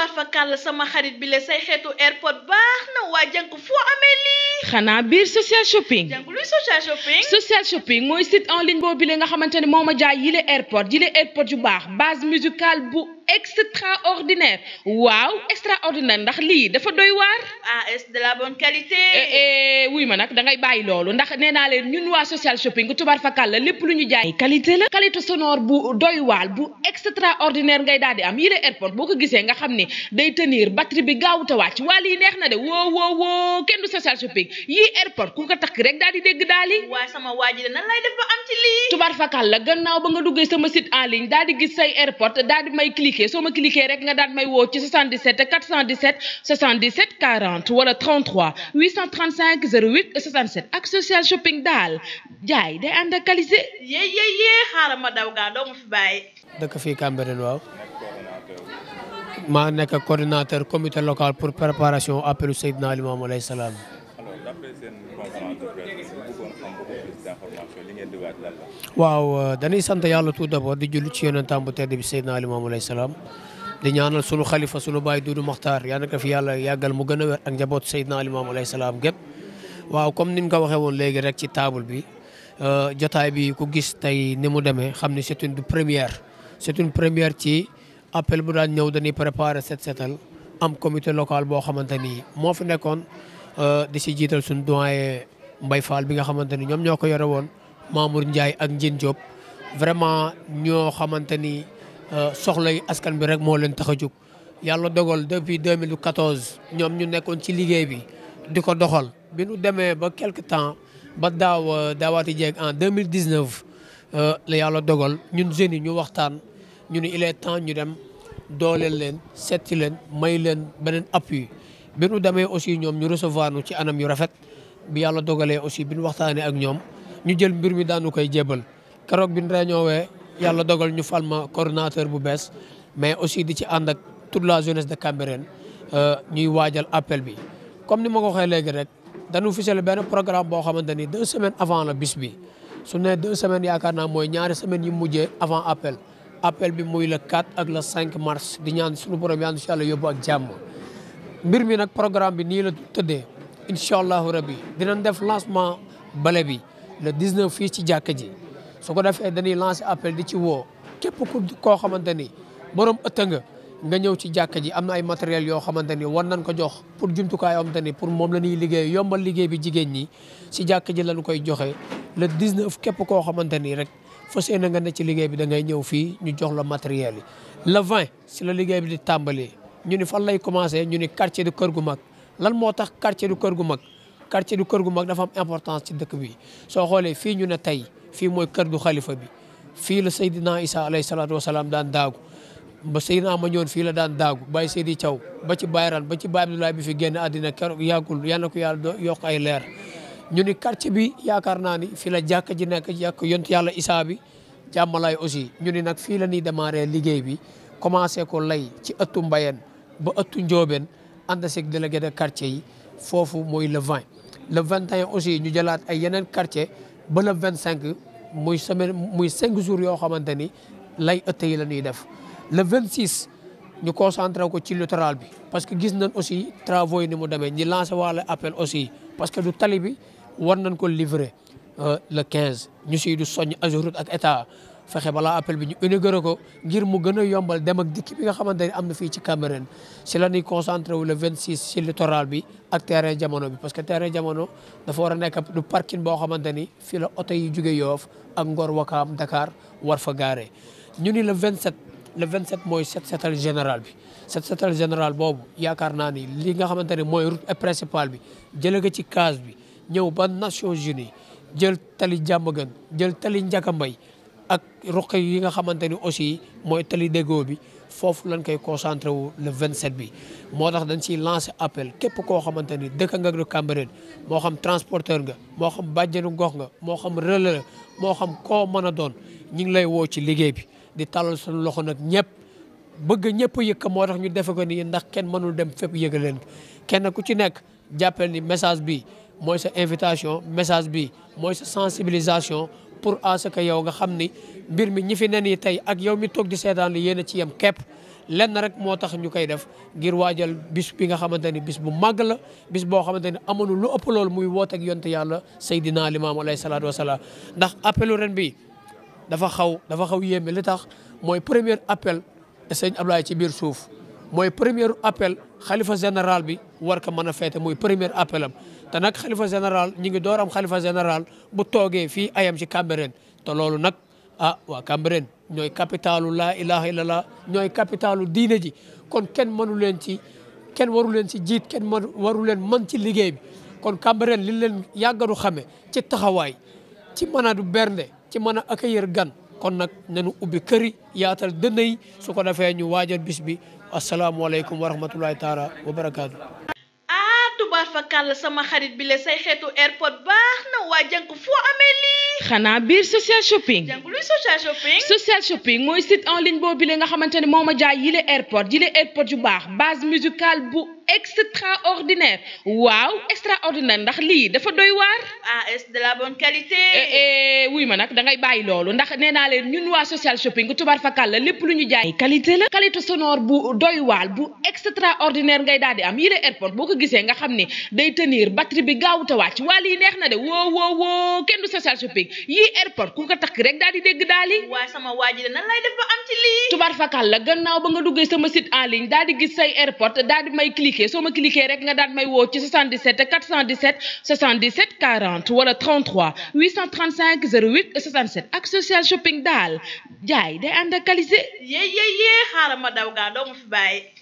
waar sama xarit bi la say xeetu airport baax na waa jànk foo amee lii. xanaa biir social shopping. jànk luy social shopping. social shopping mooy site en ligne boobu la nga xamante ne moo ma jaay yile airport yile airport yu baax base musicale bu. extraordinaire waaw extraordinaire ndax lii dafa doy waar. ah est de la bonne qualité. Eh, eh, wuy ma nag da ngay bàyyi loolu ndax nee naa leen ñun waa social shopping tubaar fakal la lépp lu ñu jaay qualité la. qualité sonor bu doy waar bu extraordinaire ngay daal di am yile airport boo ko gisee nga xam ni day tenir batterie bi gaaw waa ci waa lii neex na de woo woo woo kenn du social shopping yii airport ku ko takk rek daal di dégg daal di. waa ji de nan lay def ba am ci lii. tubaar fakal la gannaaw ba en ligne daal di gis say airport daal di may cliquer je ma cliquer rek nga dal may woo 77 417 77 40 wala 33 835 08 67 Axe social shopping d'Al, j'ai des ànd ak qualité. yee yee un xaaral ma daw gaa doo ma fi coordinateur comité local pour préparation appelu Seydina Limamou Laye Salam. waaw euh, dañuy sant yàlla tout d'abord di julli ci yonentam bu tedd bi Seydina Ali moom alayhi salaam di ñaanal sunu xalifa sunu baay Duudu Maxtaar yal na fi yàlla yàggal mu gën a wér ak njabootu Seydina Ali moom alayhi salaam gépp waaw comme ni ñu ko waxee woon léegi rek ci table bi euh, jotaay bi ku gis tey ni mu demee xam ni c'est une première c'est une première ci appel bu daan ñëw dañuy préparer set setal am comité local boo xamante ni moo Euh, di si jiital suñu doyen mbay Fall bi nga xamante ni ñoom ñoo ko yore woon Mamour Ndiaye ak Ndiène Diop vraiment ñoo xamante ni euh, soxla yi askan bi rek moo leen tax a jug yàlla dogal depuis deux mille 2014 ñoom ñu nekkoon ci liggéey bi di ko doxal bi nu demee ba quelque temps ba daaw euh, daawaati jeeg en 2019 la yàlla dogal ñun jeunes yi ñu waxtaan ñu ni il est temps ñu dem dooleel leen seeti leen may leen beneen appui. bi nu demee aussi ñoom ñu recevoir nu ci anam yu rafet bi yàlla dogalee aussi bi nu waxtaanee ak ñoom ñu jël mbir mi daanu koy jébal keroog bi nu réñoowee yàlla dogal ñu fal ma bu bees mais aussi di ci ànd ak toute la jeunesse de Cambérène euh, ñuy waajal appel bi. comme ni ma ko waxee léegi rek dañu ficelé benn programme boo xamante ni deux semaines avant la bis bi su ne deux semaines yaakaar naa mooy ñaari semaine yi mujjee avant appel appel bi muy le 4 ak le 5 mars di ñaan suñu borom yàlla yóbbu ak jàmm. mbir mi nag programme bi nii la tëddee incha allahu rabbi dinañ def lancement bale bi le 19 fii ci jàkka ji soo ko defee dañuy lancer appel di ci woo képp ku koo xamante ni borom ëtt nga nga ñëw ci jàkka ji am na ay matériel yoo xamante ni war nañ ko jox pour jumtukaay yoo xamante ni pour moom la ñuy liggéey yombal liggéey bi jigéen ñi si jàkka ji lañ koy joxe le 19 képp koo xamante ni rek fas yéene nga ne ci liggéey bi da ngay ñëw fii ñu jox la matériel yi le 20 si la liggéey bi di tàmbalee. ñu ni fan lay commencé ñu ni quartier du kër gu mag lan moo tax quartier du kër gu mag quartier kër gu mag dafa am importance ci dëkk bi soo xoolee fii ñu ne tey fii mooy kër gu xalifa bi fii la Seydina Isa alayhi salaatu wasalaam daan daagu ba Seydina ma ñoon fii la daan daagu Baye Seydi caw ba ci Bayran ba ci Baye Abdoulaye bi fi génn àddina keroog yàggul yal na ko yàlla yokk ay leer ñu ni quartier bi yaakaar naa ni fii la jàkk ji nekk jàkk yont yàlla Isa bi jàmmalaay aussi ñu ni nag fii la ñuy démarré liggéey bi commencé ko lay ci ëttu mbayeen ba ëttu Ndiobène ànd de délégué de quartier yi foofu mooy le 20. le 21 aussi ñu jëlaat ay yeneen quartier ba vingt cinq muy semaine muy cinq jours yoo xamante ni lay ëtt yi la ñuy def le 26 ñu concentre ko ci littoral bi. parce que gis nañ aussi travaux yi ni mu demee ñi lancé waale appel aussi parce que du tali bi war nañ ko livrer euh, le quinze ñu siy du soññ Ageroute ak état. fexe balaa appel bi ñu inauguré ko ngir mu gën a yombal dem ak dikk bi nga xamante ne am na fii ci Cambérène si la ñuy concentré wu le 26 si littoral bi ak terrain jamono bi parce que terrain jamono dafa war a nekk du parking boo xamante ni fii la oto yi jóge Yoff ak Ngor Wakaam dakaar war fa gaare ñu ni le 27 le 27 mooy set setal général bi set setal général boobu yaakaar naa ni lii nga xamante ne mooy route principale bi jëlee ko ci case bi ñëw ba Nations Unies jël tali Diamaguène jël tali Ndiakambay ak ruq yi nga xamante ni aussi mooy tali déggoo bi foofu lañ koy concentré wu le 27 bi moo tax dañ ciy lancé appel képp koo xamante ni dëkk nga ak Cambérène moo xam transporteur nga moo xam bàjjenu gox nga moo xam relais moo xam koo mën a doon ñu ngi lay woo ci liggéey bi di talal suñu loxo nag ñëpp bëgg ñëpp yëg moo tax ñu defe ko nii ndax kenn mënul dem fépp yëgal leen kenn ku ci nekk jàppal ni message bi mooy sa invitation message bi mooy sa sensibilisation pour à ce que yow nga xam ni mbir mi ñi fi ne nii tey ak yow mi togg di seetaan li yéen a ci yem képp lenn rek moo tax ñu koy def ngir waajal bis bi nga xamante ni bis bu màgg la bis boo xamante ni amoon lu ëpp loolu muy woote ak yonte yàlla Seydina Limaamu alayhi salaatu wa ndax appelu ren bi dafa xaw dafa xaw yéeme li tax mooy premier appel sëñ Ablaye ci biir suuf mooy premier appel xalifa général bi war ko mën a feete muy premier appel am te nag xalifa général ñi ngi door am général bu toogee fii ayam ci Cambérène te loolu nag ah waa Cambérène ñooy capitalu laa ilaha illallah ñooy capitalu diine ji kon kèn mënu leen ci kenn waru leen ci jiit kenn waru leen mën ci liggéey bi kon Cambérène li leen yàggadu xame ci taxawaay ci mën a du bernde ci mën accueillir gan kon nag nañu ubbi kër yi yaatal dënn yi su ko defee ñu waajal bis bi asalaamualeykum wa rahmatullahi taala wa tubaarfakàll sama xarit bi la say xeetu airport baax na waa jànk foo amee lii xanaa biir social shopping jànk luy social shopping social shopping mooy site en ligne boobu la nga xamante ne moo ma jaay yile airport yile airport yu baax base musicale bu extraordinaire waaw extraordinaire ndax lii dafa doy waar. Ah, de la bonne qualité. Eh, eh, wuy ma nag da ngay bàyyi loolu ndax nee naa leen ñun waa social shopping tubaar fakal la lépp lu ñu jaay qualité la. qualité sonor bu doy waal bu extraordinaire ngay daal di am yile airport boo ko gisee nga xam ni day tenir batterie bi gaaw te wàcc waa lii neex na de woo woo woo kenn du social shopping yii airport ku ko takk rek daal di dégg daali di. waaye sama waa ji de nan lay def am ci lii. tubaar fakal la gannaaw ba nga duggee sama site en ligne daal di gis say airport daal di may cliquer vous cliquez, cliquer rek nga 77 417 77 40 wala 33 835 08 67 ak social shopping d'Al. Yay, day ànd